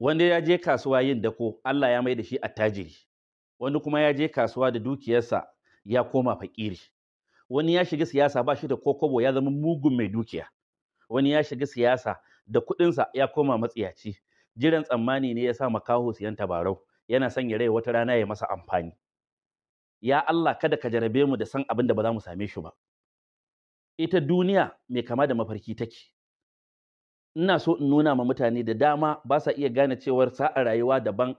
wanda ya je kasuwa yin dako Allah ya mai da shi attajiri wani kuma ya je kasuwa da dukiyarsa ya koma fakiri wani ya shiga siyasa ba shi da kokobo ya zama mugun mai dukiya wani ya shiga siyasa da kuɗinsa ya koma matsiyaci jiran tsammani ne ya sa makaho siyan tabarau yana son ya rai wata rana ya masa amfani ya Allah kada ka jarabe mu da san abin da ba za mu same shi ba ita duniya mai kama da mafarki take ina so in nuna ma mutane da dama ba sa iya gane cewar sa'a rayuwa daban